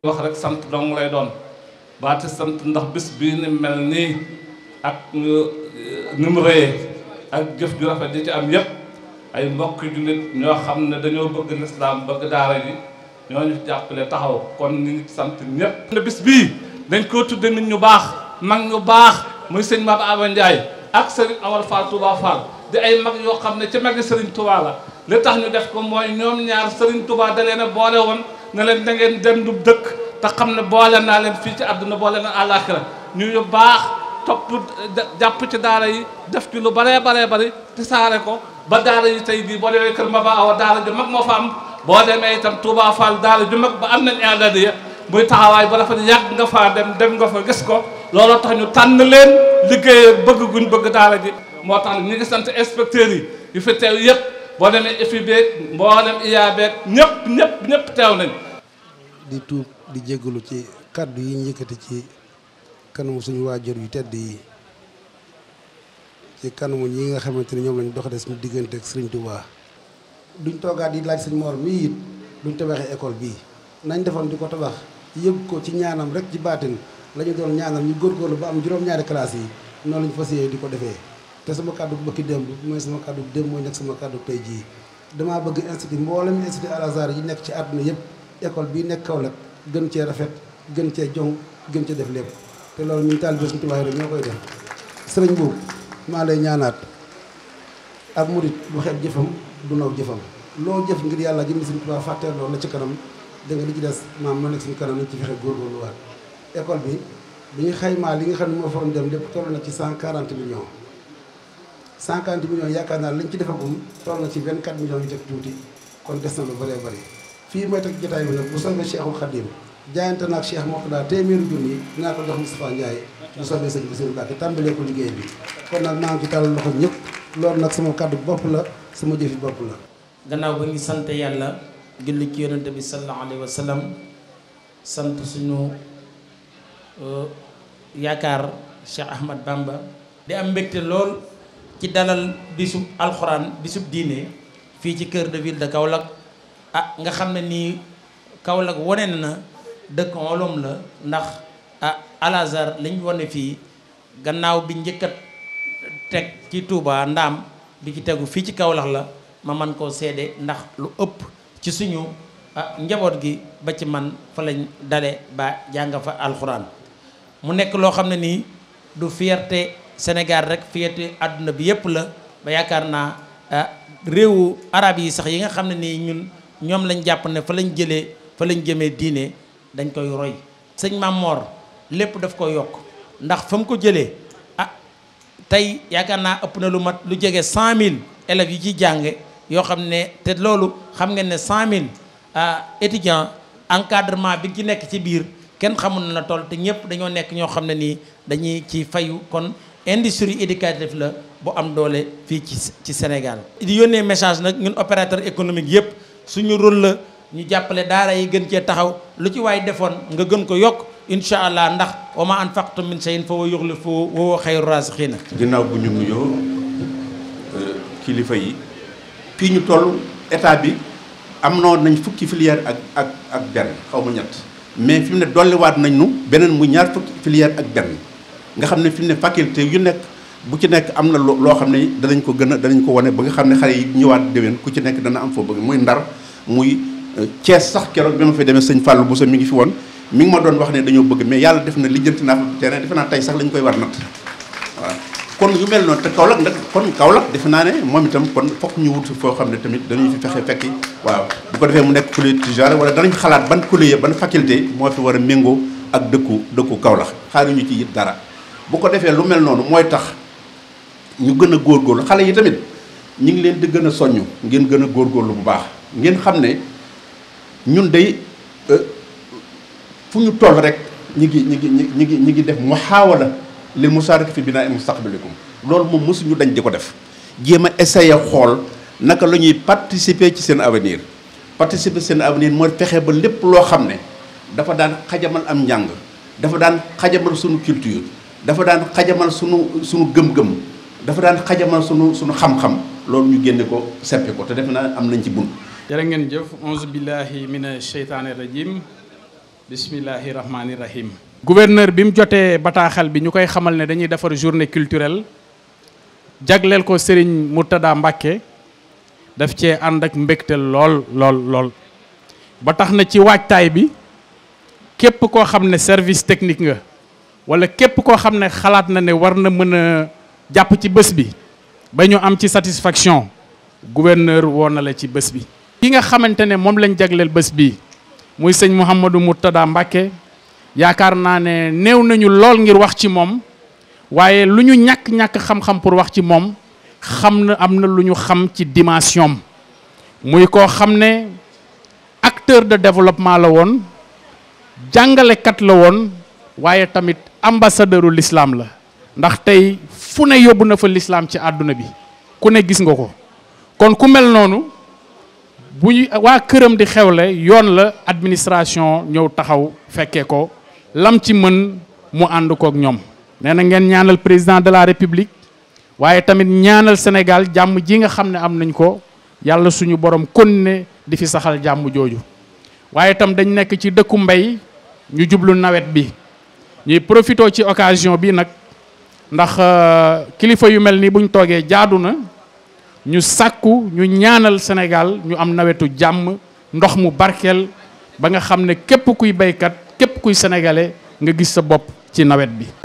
wax rek sant dong lay doon baati sant ndax bis bii ni mel nii ak eh, ni mu ak jëf ju rafet di ci am yépp ay mbokk jullit ñoo xam ne dañoo bëgg lislaam bëgg daara yi ñoo ñu jàppale taxaw kon ñu ngi sant ñépp ne bis bii dañ koo tudde nit ñu baax mag ñu baax muy sëñ Maba Awa Ndiaye ak sëriñ Awal Fall Touba Fall di ay mag yoo xam ne ci magi sëriñ Touba la li tax ñu def ko mooy ñoom ñaar sëriñ Touba da leen boole woon ne leen da ngeen dem du dëkk te xam ne boole naa leen fii ci àdduna boole na àllaaxira ñu yu baax topp jàpp ci daara yi def ci lu bare bare bari te saare ko ba daara yi tey bii boo demee kër ma Maba Awa daara ju mag moo fa am boo demee itam Touba Fall daara ju mag ba am nañ indadiya muy taxawaay ba dafa yàgg nga fa dem dem nga fa gis ko looloo tax ñu tànn leen liggéey bëgg guñ bëgg daara ji moo tax ñu ngi sant inspecteurs yi yu fi teew boo demee étude beeg mboolem iyaa beeg ñëpp ñëpp ñëpp teew nañ di tuub di jégalu ci kàddu yi ñu yëkkati ci kanamu suñu waajur yu tedd yi ci kanamu ñi nga xamante ni ñoom lañu doxalee suñu diggante ak Sëriñ Tuubaa duñ toogaat di laaj sëñ Mor mii it duñ tabaxee école bii nañ defoon di ko tabax yëg ko ci ñaanam rek ci baatin la ñu doon ñaanam ñu góorgóorlu ba am juróom-ñaari classe yi noonu lañu fas yéene di ko defee te sama kàddu bu bëkki démb mooy sama kàddu démb mooy nekk sama kàddu tey jii damaa bëgg institut mboolem institut Al Azhar yi nekk ci àdduna yëpp école bii nekk Kaolack gën cee rafet gën cee joŋ gën cee def lépp te loolu ñun taalibe Sëriñ Tuubaa rek ñoo koy def sëriñ boobu maa lay ñaanaat ak murit bu xeeb jëfam du naw jëfam loo jëf ngir yàlla jëm Sëriñ Tuubaa fàtteel loolu la ci kanam da nga li ci des maam noo nekk suñu kanam nañ ci fexe góorgóorluwaat école bi bi ñu xaymaa li nga xam ne moo dem lépp toll na ci 140 millions cinquante millions yaakaar naa lañ ci defagum toll na ci vingt quatre millions yu teg tuuti kon des na lu bëree bëri fii mooy teg jotaay bi nag bu soobee Cheikhul Khadim jaayante naag Cheikh Mourtada téeméeri junni dinaa ko jox Moustapha Ndiaye bu soobee sëñ bi sëñ Mbacke tàmbalee ko liggéey bi kon nag maa ngi ci tàllal loxo ñëpp loolu nag sama kàddu bopp la sama jëfi bopp la. gannaaw ba ñu sant yàlla julli ci yonent bi sallallahu alayhi wa sallam sant suñu euh, yaakaar Cheikh Ahmad am mbégte lool. ci dalal bisub alquran bisub diine fi ci cœur de ville de Kaolack ah nga xam ni Kaolack na de kolom la ndax ah alazar liñ woné fi gannaaw bi njëkkat tek ci Touba ndam bi ci tegu fi ci Kaolack la ma man ko sédé ndax lu upp ci suñu ah gi ba ci man fa lañ dale ba jangafa fa alxuraan mu nekk lo xam ni du fierté Sénégal rek fiyete àdduna bi yépp la ba yaakaar naa ah, réewu arab yi sax yi nga xam ne nii ñun ñoom lañ jàpp ne fa lañ jëlee fa lañ jëmee diine dañ koy roy sëñ Mamor lépp daf ko yokk ndax fa mu ko jëlee ah tey yaakaar naa ëpp na lu mat lu jege 100000 élèves yu ci jànge yoo xam ne te loolu xam ngeen ne 100000 ah, étudiants encadrement bi ci nekk ci biir kenn xamul na la toll te ñëpp dañoo nekk ñoo xam ne nii dañuy ci fayu kon industrie éducative la bu am doole fii ci ci Sénégal. di yónnee message nag ñun opérateur économique yëpp suñu rôle la ñu jàppale daara yi gën cee taxaw lu ci waay defoon nga gën ko yokk incha allah ndax wa ma anfaqtum min shay'in fa huwa yukhlifuhu wa huwa khayru raziqin. ginnaaw bu ñu nuyoo euh, kilifa yi fii ñu toll état bi am noon nañ fukki filière ak ak ak benn xaw ma ñett mais fi mu ne dolliwaat nañ nu beneen mu ñaar fukki filière ak benn. nga xam ne fi mu ne faculté yu nekk bu ci nekk am na loo xam ne danañ ko gën a danañ ko wane ba nga xam ne xare yi ñëwaat déwén ku ci nekk dana am foo bëgg muy ndar muy Cees euh, sax keroog bi ma fi demee sëñ bu Bousso mi ngi fi woon mi ngi ma doon wax ne dañoo bëgg mais yàlla def na lijjanti naa fa terrain defe naa tey sax lañ koy war nat waaw kon yu mel noonu te Kaolack nag kon Kaolack defe naa ne moom itam kon fokk ñu wut foo xam ne tamit dañuy fi fexe fekki waaw bu ko mu nekk collectivité wala danañ xalaat ban collège ban faculté moo fi war a méngoo ak dëkku dëkku Kaolack xaaruñu ci it dara bu ko defee lu mel noonu mooy tax ñu gën a góor góorgóorlu xale yi tamit ñi ngi leen di gën a soññ ngeen gën a góor góorlu bu baax ngeen xam ne ñun day euh, fu ñu toll rek ñi ngi ñi ngi ñi ngi ñi ngi def muhaawala li musaarak fi binaa mustaqbalikum loolu moom mosuñu dañ di ko def jéem a essayer xool naka la ñuy participer ci seen avenir participer seen avenir mooy fexe ba lépp loo xam ne dafa daan xajamal am njàng dafa daan xajamal suñu culture dafa daan xajamal sunu sunu gëm-gëm dafa daan xajamal sunu sunu xam-xam loolu ñu génne ko seppi ko te def naa am na ci bunt jërë ngeen jëf onze billahi mina sheytaani rajim bismillahi rahmaani rahim gouverneur bi mu jotee bataaxal bi ñu koy xamal ne dañuy defar journée culturelle jagleel ko Serigne Murtada Mbàkke def cee ànd ak mbégte lool lool lool ba tax na ci waajtaay bi képp koo xam ne service technique nga wala képp koo xam ne xalaat na ne war na mën a jàpp ci bés bi ba ñu am ci satisfaction gouverneur woo na la ci bés bi. ki nga xamante ne moom lañ jagleel bés bi muy sëñ Mouhamadou Mourtada Mbacké yaakaar naa ne néew nañu lool ngir wax ci moom waaye lu ñu ñàkk ñàkk xam-xam pour wax ci moom xam na am na lu ñu xam ci dimension muy koo xam ne acteur de développement la woon jàngalekat la woon waaye tamit ambassadeuru lislaam la ndax tey fu ne yóbbu na fa lislaam ci àdduna bi ku ne gis nga ko kon ku mel noonu bu waa këram di xewle yoon la administration ñëw taxaw fekkee ko lam ci mën mu ànd kook ñoom nee na ngeen ñaanal président de la république waaye tamit ñaanal Sénégal jàmm ji nga xam ne am nañ ko yàlla suñu borom ne di fi saxal jàmm jooju waaye itam dañ nekk ci dëkku mbay ñu jublu nawet bi ñuy profité ci occasion bi nag ndax euh, kilifa yu mel ni buñ toogee jaadu na ñu sàkku ñu ñaanal Sénégal ñu am nawetu jàmm ndox mu barkeel ba nga xam ne képp kuy baykat képp kuy sénégalais nga gis sa bopp ci nawet bi